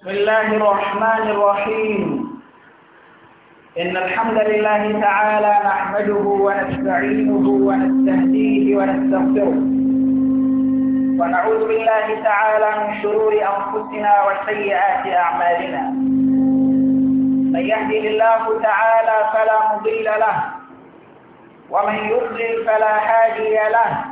بسم الله الرحمن الرحيم إن الحمد لله تعالى نحمده ونستعينه ونستهديه ونستغفره ونعوذ بالله تعالى من شرور أنفسنا وسيئات أعمالنا من يهدي الله تعالى فلا مضل له ومن يضلل فلا هادي له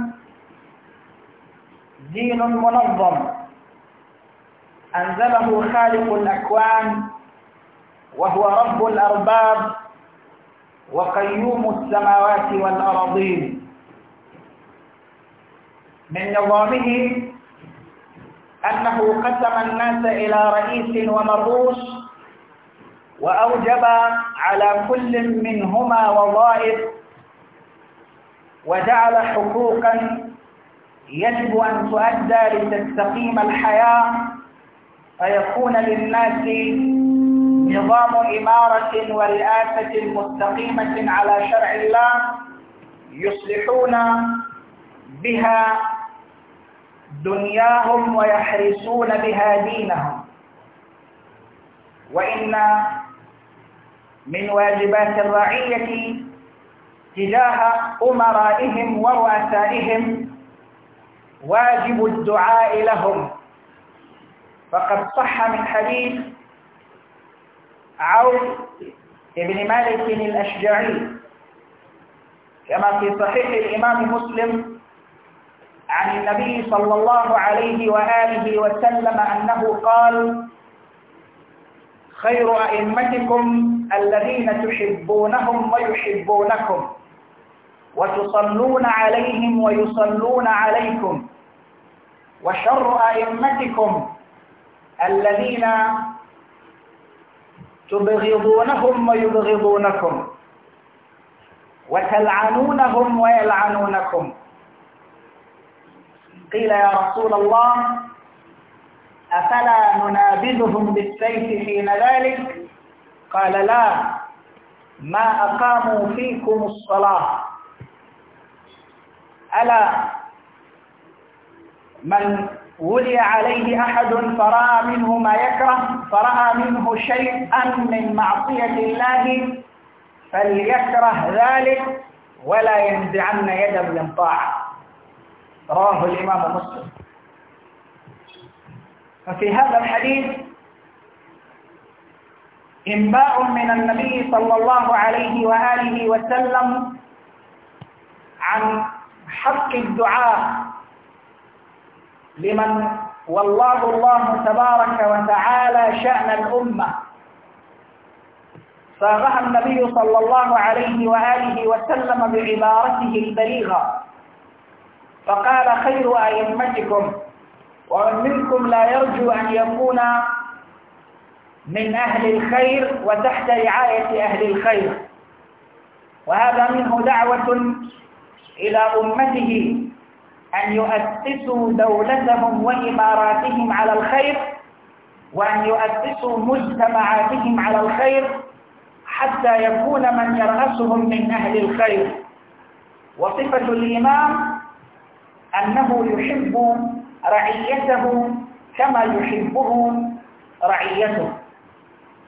دين منظم أنزله خالق الأكوان وهو رب الأرباب وقيوم السماوات والأراضين من نظامه أنه قسم الناس إلى رئيس ومرؤوس وأوجب على كل منهما وظائف وجعل حقوقا يجب أن تؤدى لتستقيم الحياة فيكون للناس نظام إمارة ورئاسة مستقيمة على شرع الله يصلحون بها دنياهم ويحرسون بها دينهم وإن من واجبات الرعية تجاه أمرائهم ورؤسائهم واجب الدعاء لهم فقد صح من حديث عوف بن مالك الأشجعي كما في صحيح الإمام مسلم عن النبي صلى الله عليه وآله وسلم أنه قال خير أئمتكم الذين تحبونهم ويحبونكم وتصلون عليهم ويصلون عليكم وشر أئمتكم الذين تبغضونهم ويبغضونكم وتلعنونهم ويلعنونكم قيل يا رسول الله أفلا ننابذهم بالسيف حين ذلك قال لا ما أقاموا فيكم الصلاة ألا من ولي عليه أحد فرأى منه ما يكره فرأى منه شيئا من معصية الله فليكره ذلك ولا ينزعن يدا من طاعة رواه الإمام مسلم ففي هذا الحديث إنباء من النبي صلى الله عليه وآله وسلم عن حق الدعاء لمن والله الله تبارك وتعالى شأن الأمة صاغها النبي صلى الله عليه وآله وسلم بعبارته البليغة فقال خير أئمتكم ومن منكم لا يرجو أن يكون من أهل الخير وتحت رعاية أهل الخير وهذا منه دعوة إلى أمته أن يؤسسوا دولتهم وإماراتهم على الخير وأن يؤسسوا مجتمعاتهم على الخير حتى يكون من يرأسهم من أهل الخير وصفة الإمام أنه يحب رعيته كما يحبه رعيته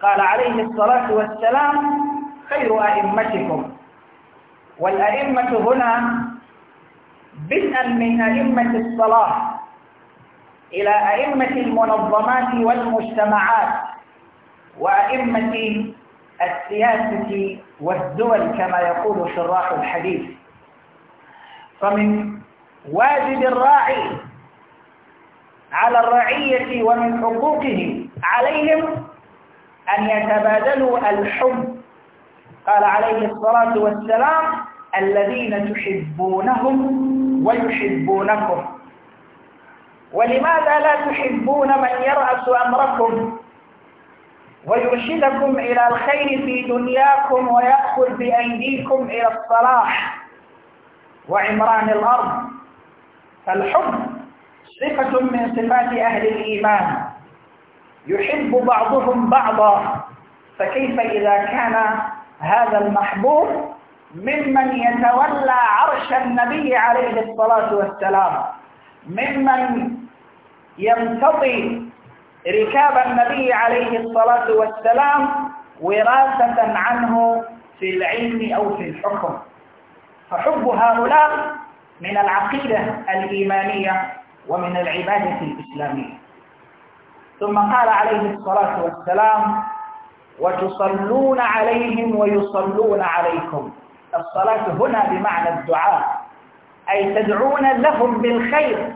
قال عليه الصلاة والسلام خير أئمتكم والأئمة هنا بدءا من أئمة الصلاة إلى أئمة المنظمات والمجتمعات وأئمة السياسة والدول كما يقول شراح الحديث فمن واجب الراعي على الرعية ومن حقوقه عليهم أن يتبادلوا الحب قال عليه الصلاة والسلام الذين تحبونهم ويحبونكم ولماذا لا تحبون من يرأس أمركم ويرشدكم إلى الخير في دنياكم ويأخذ بأيديكم إلى الصلاح وعمران الأرض فالحب صفة من صفات أهل الإيمان يحب بعضهم بعضا فكيف إذا كان هذا المحبوب ممن يتولى عرش النبي عليه الصلاة والسلام ممن يمتطي ركاب النبي عليه الصلاة والسلام وراثة عنه في العلم أو في الحكم فحب هؤلاء من العقيدة الإيمانية ومن العبادة الإسلامية ثم قال عليه الصلاة والسلام وتصلون عليهم ويصلون عليكم الصلاة هنا بمعنى الدعاء أي تدعون لهم بالخير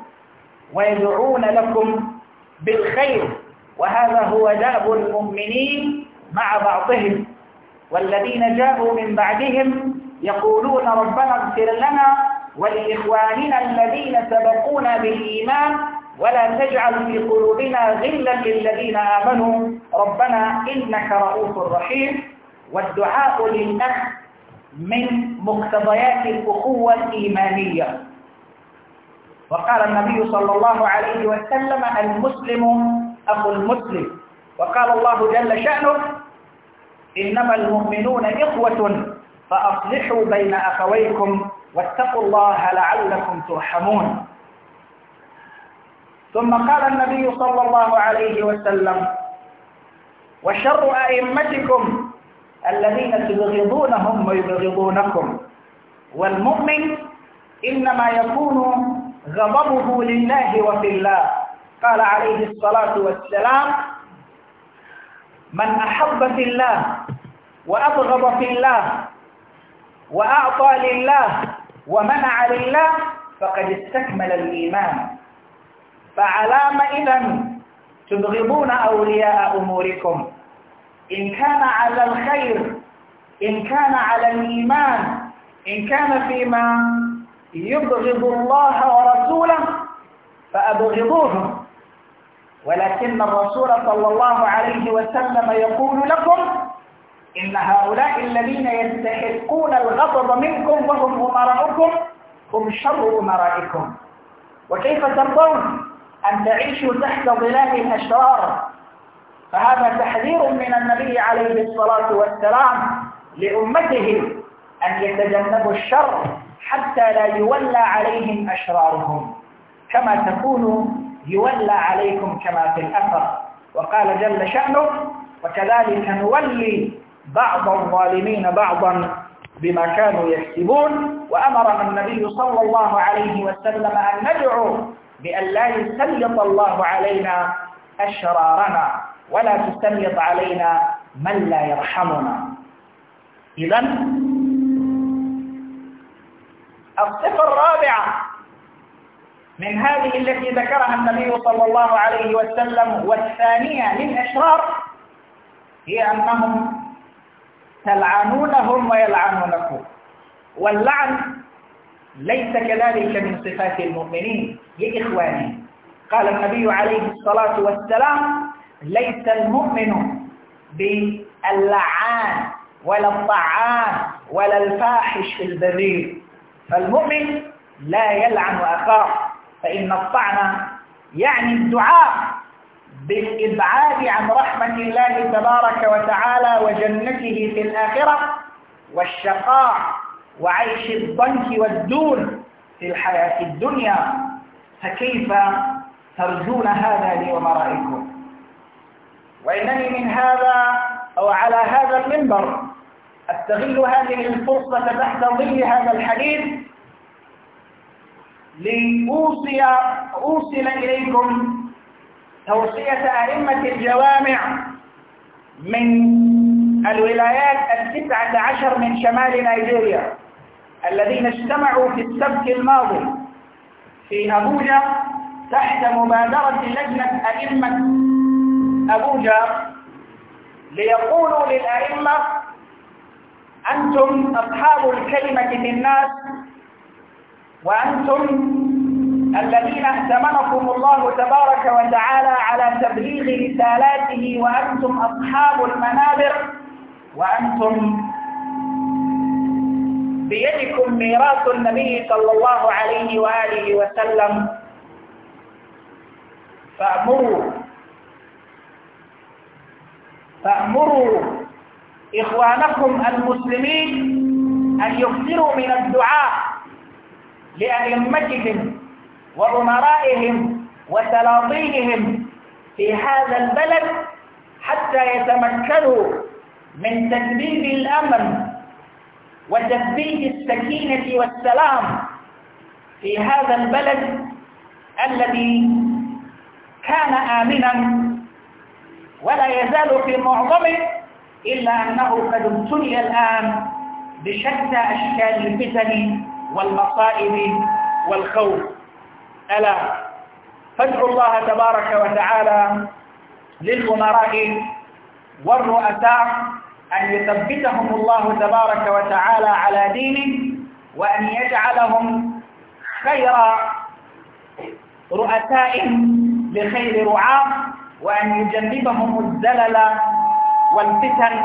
ويدعون لكم بالخير وهذا هو داب المؤمنين مع بعضهم والذين جاءوا من بعدهم يقولون ربنا اغفر لنا ولإخواننا الذين سبقونا بالإيمان ولا تجعل في قلوبنا غلا للذين آمنوا ربنا إنك رؤوف رحيم والدعاء للأخ من مقتضيات الأخوة الإيمانية وقال النبي صلى الله عليه وسلم المسلم أخو المسلم وقال الله جل شأنه إنما المؤمنون إخوة فأصلحوا بين أخويكم واتقوا الله لعلكم ترحمون ثم قال النبي صلى الله عليه وسلم وشر أئمتكم الذين تبغضونهم ويبغضونكم والمؤمن إنما يكون غضبه لله وفي الله قال عليه الصلاة والسلام من أحب في الله وأبغض في الله وأعطى لله ومنع لله فقد استكمل الإيمان فعلام إذا تبغضون أولياء أموركم إن كان على الخير إن كان على الإيمان إن كان فيما يبغض الله ورسوله فأبغضوهم ولكن الرسول صلى الله عليه وسلم يقول لكم إن هؤلاء الذين يستحقون الغضب منكم وهم أمراؤكم هم شر أمرائكم وكيف ترضون أن تعيشوا تحت ظلال الأشرار فهذا تحذير من النبي عليه الصلاة والسلام لأمته أن يتجنبوا الشر حتى لا يولى عليهم أشرارهم كما تكون يولى عليكم كما في الأثر وقال جل شأنه وكذلك نولي بعض الظالمين بعضا بما كانوا يكسبون وأمر النبي صلى الله عليه وسلم أن ندعو بأن لا يسلط الله علينا أشرارنا ولا تسلط علينا من لا يرحمنا إذا الصفة الرابعة من هذه التي ذكرها النبي صلى الله عليه وسلم والثانية أشرار هي أنهم تلعنونهم ويلعنونكم واللعن ليس كذلك من صفات المؤمنين يا إخواني قال النبي عليه الصلاة والسلام ليس المؤمن باللعان ولا الطعان ولا الفاحش في البرير فالمؤمن لا يلعن أخاه فإن الطعن يعني الدعاء بالإبعاد عن رحمة الله تبارك وتعالى وجنته في الآخرة والشقاء وعيش الضنك والدون في الحياة الدنيا فكيف ترجون هذا لي ومرائكم وإنني من هذا أو على هذا المنبر أستغل هذه الفرصة تحت ظل هذا الحديث لأوصي أوصل إليكم توصية أئمة الجوامع من الولايات التسعة عشر من شمال نيجيريا الذين اجتمعوا في السبت الماضي في أبوجا تحت مبادرة لجنة أئمة أبوجا ليقولوا للأئمة أنتم أصحاب الكلمة للناس وأنتم الذين اهتمنكم الله تبارك وتعالى على تبليغ رسالاته وأنتم أصحاب المنابر وأنتم بيدكم ميراث النبي صلى الله عليه وآله وسلم فأمروا فأمروا إخوانكم المسلمين أن يكثروا من الدعاء لأئمتهم وأمرائهم وسلاطينهم في هذا البلد حتى يتمكنوا من تدبير الأمن وتثبيت السكينة والسلام في هذا البلد الذي كان آمناً ولا يزال في معظمه إلا أنه قد ابتلي الآن بشتى أشكال الفتن والمصائب والخوف ألا فادعوا الله تبارك وتعالى للأمراء والرؤساء أن يثبتهم الله تبارك وتعالى على دينه وأن يجعلهم خير رؤساء لخير رعاه وأن يجنبهم الزلل والفتن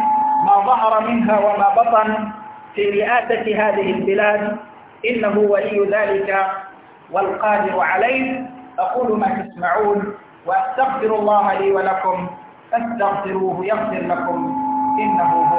ما ظهر منها وما بطن في رئاسة هذه البلاد إنه ولي ذلك والقادر عليه أقول ما تسمعون وأستغفر الله لي ولكم فاستغفروه يغفر لكم إنه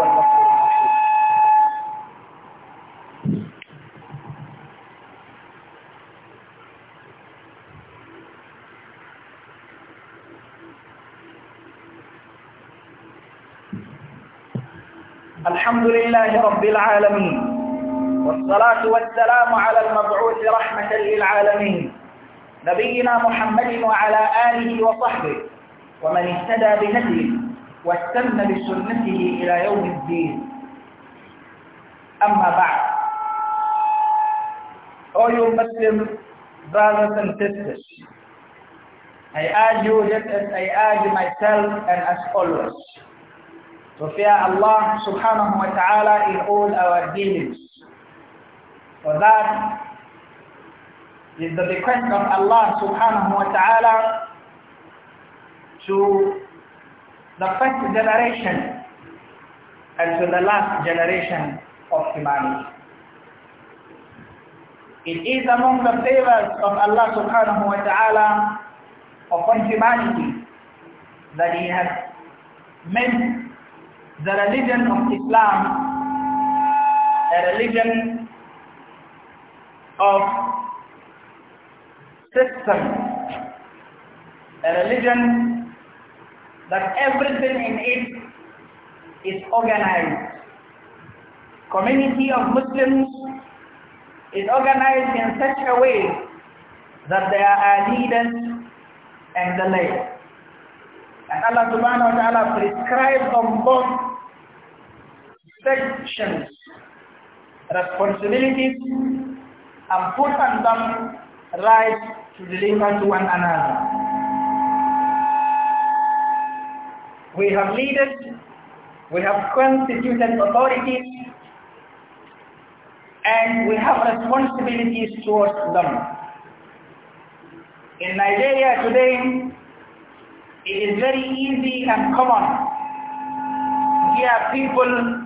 الحمد لله رب العالمين والصلاة والسلام على المبعوث رحمة للعالمين نبينا محمد وعلى آله وصحبه ومن اهتدى بهديه واستنى بسنته إلى يوم الدين أما بعد All you Muslim brothers and sisters, I urge you just as I urge myself and as always, to fear Allah subhanahu wa ta'ala in all our dealings. For that is the bequest of Allah subhanahu wa ta'ala to the first generation and to the last generation of humanity. It is among the favors of Allah subhanahu wa ta'ala upon humanity that He has meant the religion of Islam a religion of system, a religion that everything in it is organized. Community of Muslims is organized in such a way that there are leaders and the lay. And Allah subhanahu wa ta'ala prescribes on both sections, responsibilities, and put on them rights to deliver to one another. We have leaders, we have constituted authorities, and we have responsibilities towards them. In Nigeria today, it is very easy and common We have people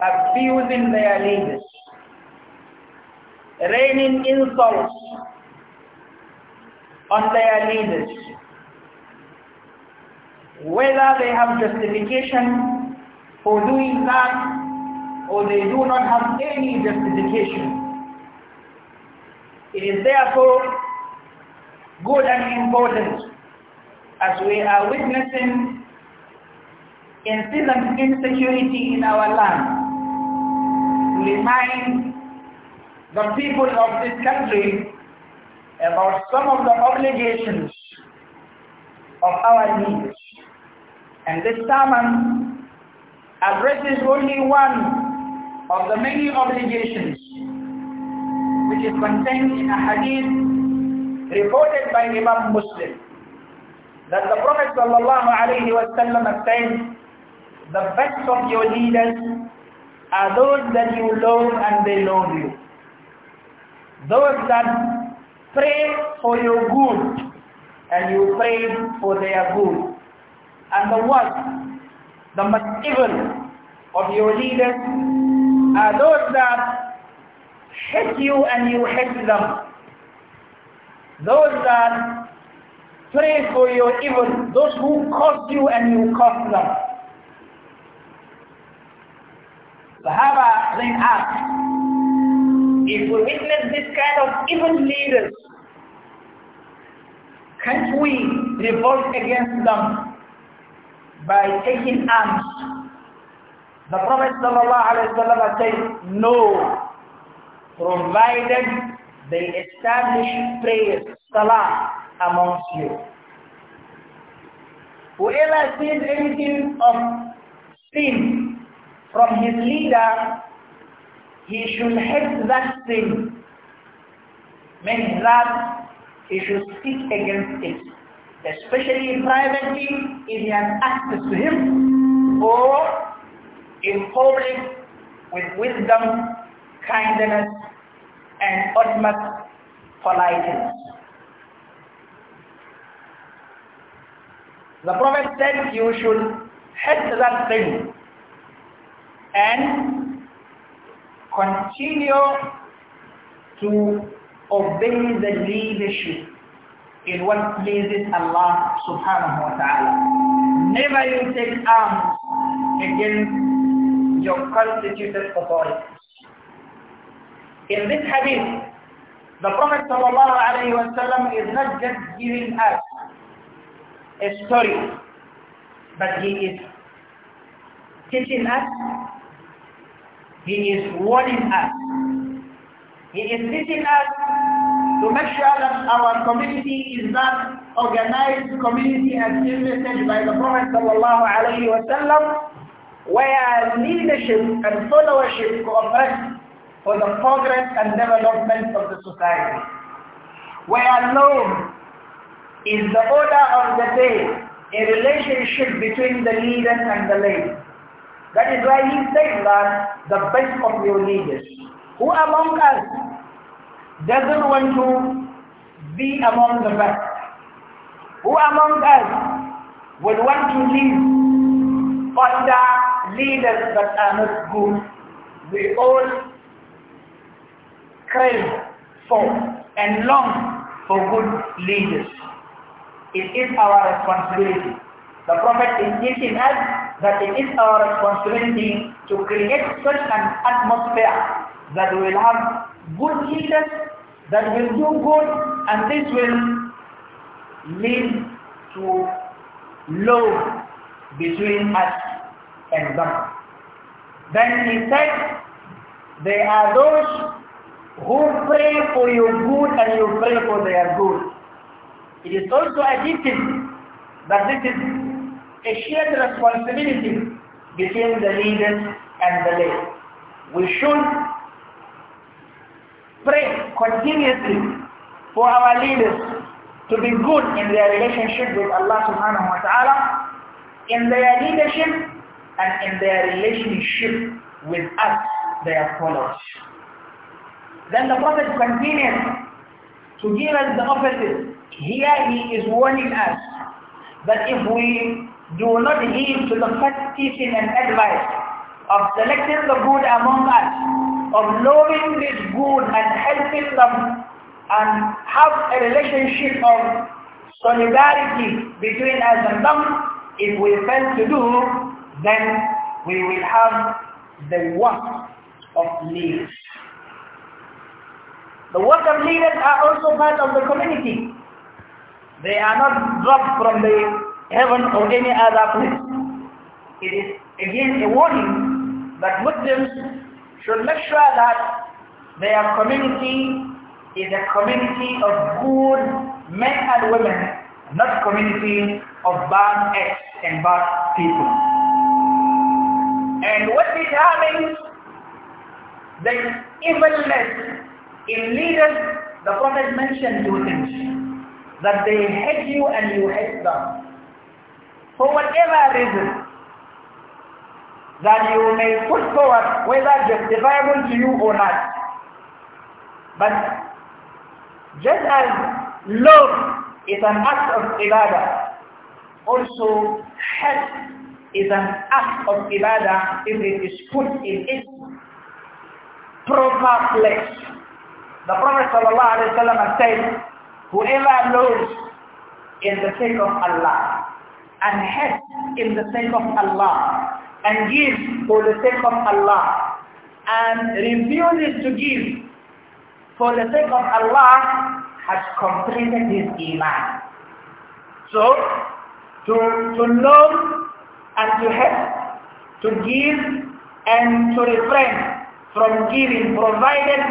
abusing their leaders, raining insults on their leaders, whether they have justification for doing that or they do not have any justification. It is therefore good and important as we are witnessing incessant insecurity in our land remind the people of this country about some of the obligations of our needs. And this sermon addresses only one of the many obligations which is contained in a hadith reported by Imam Muslim that the Prophet sallallahu alayhi wa sallam said the best of your leaders are those that you love and they love you. Those that pray for your good and you pray for their good. And the worst, the most evil of your leaders are those that hate you and you hate them. Those that pray for your evil, those who curse you and you curse them. Sahaba then asked, if we witness this kind of evil leaders, can't we revolt against them by taking arms? The Prophet ﷺ said, no, provided they establish prayers, salah amongst you. Whoever sees anything of sin from his leader, he should hate that sin, means that he should speak against it, especially privately if he has access to him, or in public with wisdom, kindness, and utmost politeness. The Prophet said you should hate that thing and continue to obey the leadership in what pleases Allah subhanahu wa ta'ala. Never you take arms against your constituted authority. In this hadith, the Prophet sallallahu is not just giving us a story, but he is teaching us he is warning us. He is teaching us to make sure that our community is not organized community as illustrated by the Prophet sallallahu where leadership and followership cooperate for the progress and development of the society, where love is the order of the day a relationship between the leader and the lay. That is why he said that the best of your leaders. Who among us doesn't want to be among the best? Who among us would want to live under leaders that are not good? We all crave for and long for good leaders. It is our responsibility. The Prophet is teaching us that it is our responsibility to create such an atmosphere that will have good leaders, that will do good, and this will lead to love between us and them. Then he said, they are those who pray for your good and you pray for their good. It is also a teaching that this is a shared responsibility between the leaders and the lay. We should pray continuously for our leaders to be good in their relationship with Allah subhanahu wa ta'ala, in their leadership and in their relationship with us, their followers. Then the Prophet continues to give us the offices. Here he is warning us that if we do not heed to the first teaching and advice of selecting the good among us, of knowing this good and helping them and have a relationship of solidarity between us and them, if we fail to do, then we will have the work of leaders. The work of leaders are also part of the community. They are not dropped from the heaven or any other place. It is again a warning that Muslims should make sure that their community is a community of good men and women, not community of bad acts and bad people. And what determines the evilness in leaders, the Prophet mentioned two things, that they hate you and you hate them for whatever reason that you may put forward, whether justifiable to you or not. But just as love is an act of ibadah, also hate is an act of ibadah if it is put in its proper place. The Prophet ﷺ said, whoever loves in the sake of Allah, and help in the sake of Allah and give for the sake of Allah and refuses to give for the sake of Allah has completed his Iman. So, to, to love and to help, to give and to refrain from giving provided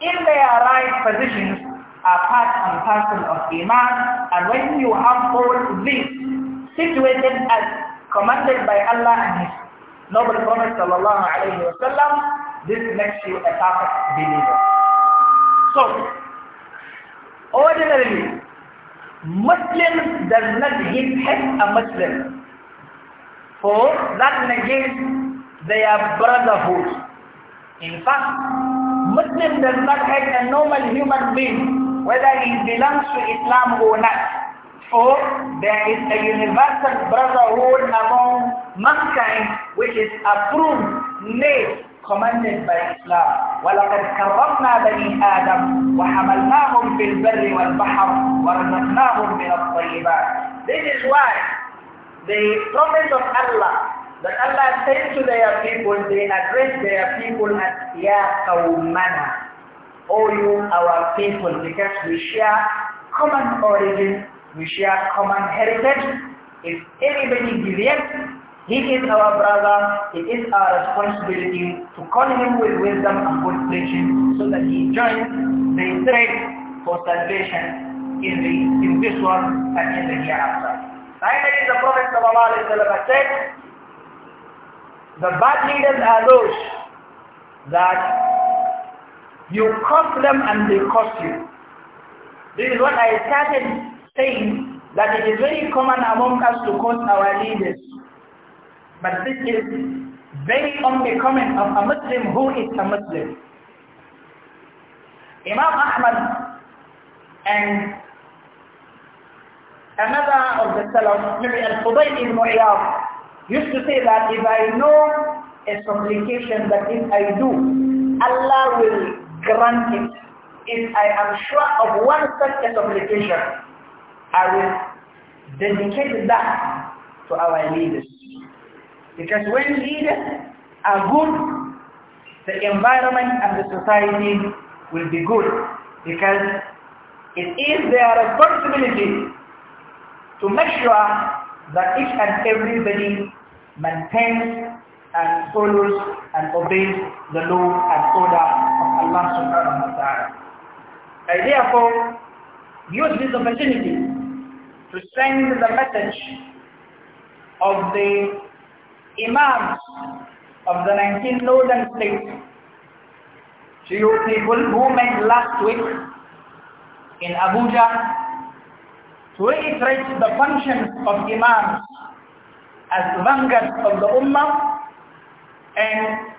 in their right positions are part and parcel of Iman and when you have all this situated as commanded by Allah and His noble Prophet sallallahu alaihi wasallam, this makes you a perfect believer. So, ordinarily, Muslim does not hit hate a Muslim, for that negates their brotherhood. In fact, Muslim does not hate a normal human being, whether he belongs to Islam or not. For there is a universal brotherhood among mankind which is approved, made, commanded by Islam. وَلَقَدْ كَرَّمْنَا بَنِي آدَمْ وَحَمَلْنَاهُمْ فِي الْبَرِّ وَالْبَحْرِ وَرَزَقْنَاهُمْ مِنَ الطَّيِّبَاتِ This is why the prophet of Allah that Allah said to their people, they address their people as Ya Qawmana, O you, our people, because we share common origin we share common heritage. If anybody deviates, he is our brother. It is our responsibility to call him with wisdom and good preaching so that he joins the thread for salvation in, the, in this world and in the hereafter. Finally, the Prophet said, the bad leaders are those that you curse them and they curse you. This is what I started saying that it is very common among us to quote our leaders. But this is very unbecoming of a Muslim who is a Muslim. Imam Ahmad and another of the Salaf, maybe Al-Fudayl ibn used to say that if I know a supplication that if I do, Allah will grant it if I am sure of one such a supplication. I will dedicate that to our leaders. Because when leaders are good, the environment and the society will be good because it is their responsibility to make sure that each and everybody maintains and follows and obeys the law and order of Allah subhanahu wa ta'ala. I therefore use this opportunity to send the message of the imams of the 19 northern states to you people who met last week in Abuja to reiterate the function of imams as vanguard of the ummah and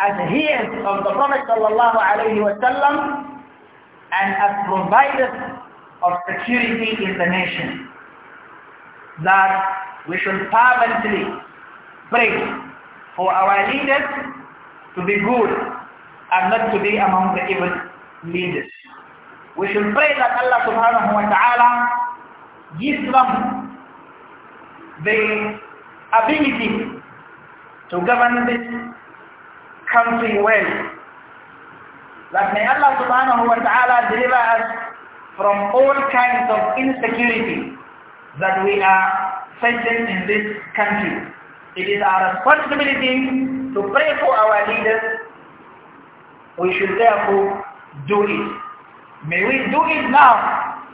as heirs of the Prophet sallallahu wa sallam and as providers of security in the nation that we should fervently pray for our leaders to be good and not to be among the evil leaders. We should pray that Allah subhanahu wa ta'ala gives them the ability to govern this country well. That may Allah subhanahu wa ta'ala deliver us from all kinds of insecurity that we are facing in this country. It is our responsibility to pray for our leaders. We should therefore do it. May we do it now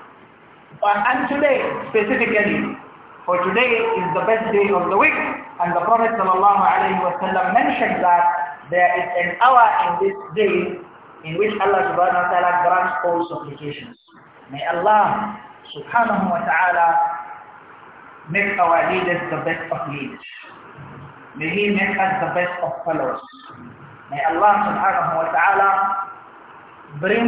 and today specifically. For today is the best day of the week and the Prophet ﷺ mentioned that there is an hour in this day in which Allah subhanahu wa ta'ala grants all supplications. May Allah subhanahu wa ta'ala make our leaders the best of leaders. May He make us the best of fellows. May Allah subhanahu wa ta'ala bring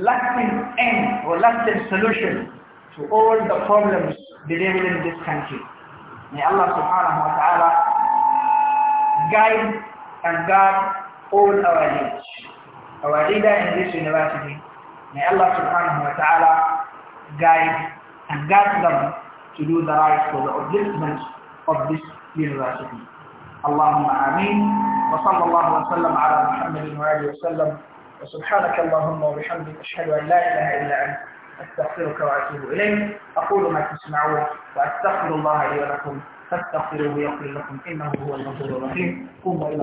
lasting end or lasting solution to all the problems delivered in this country. May Allah subhanahu wa ta'ala guide and guard all our leaders. Our leader in this university, May Allah subhanahu wa ta'ala guide and guide them to do the right for the upliftment of this university. Allahumma ameen. Wa sallallahu wa sallam ala Muhammadin subhanaka Allahumma wa ashhadu an la ilaha illa anta. أستغفرك وأتوب إليك أقول ما تسمعون وأستغفر الله لي ولكم فاستغفروه يغفر لكم إنه هو الغفور الرحيم قوموا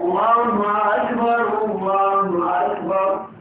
Allahumma akbar,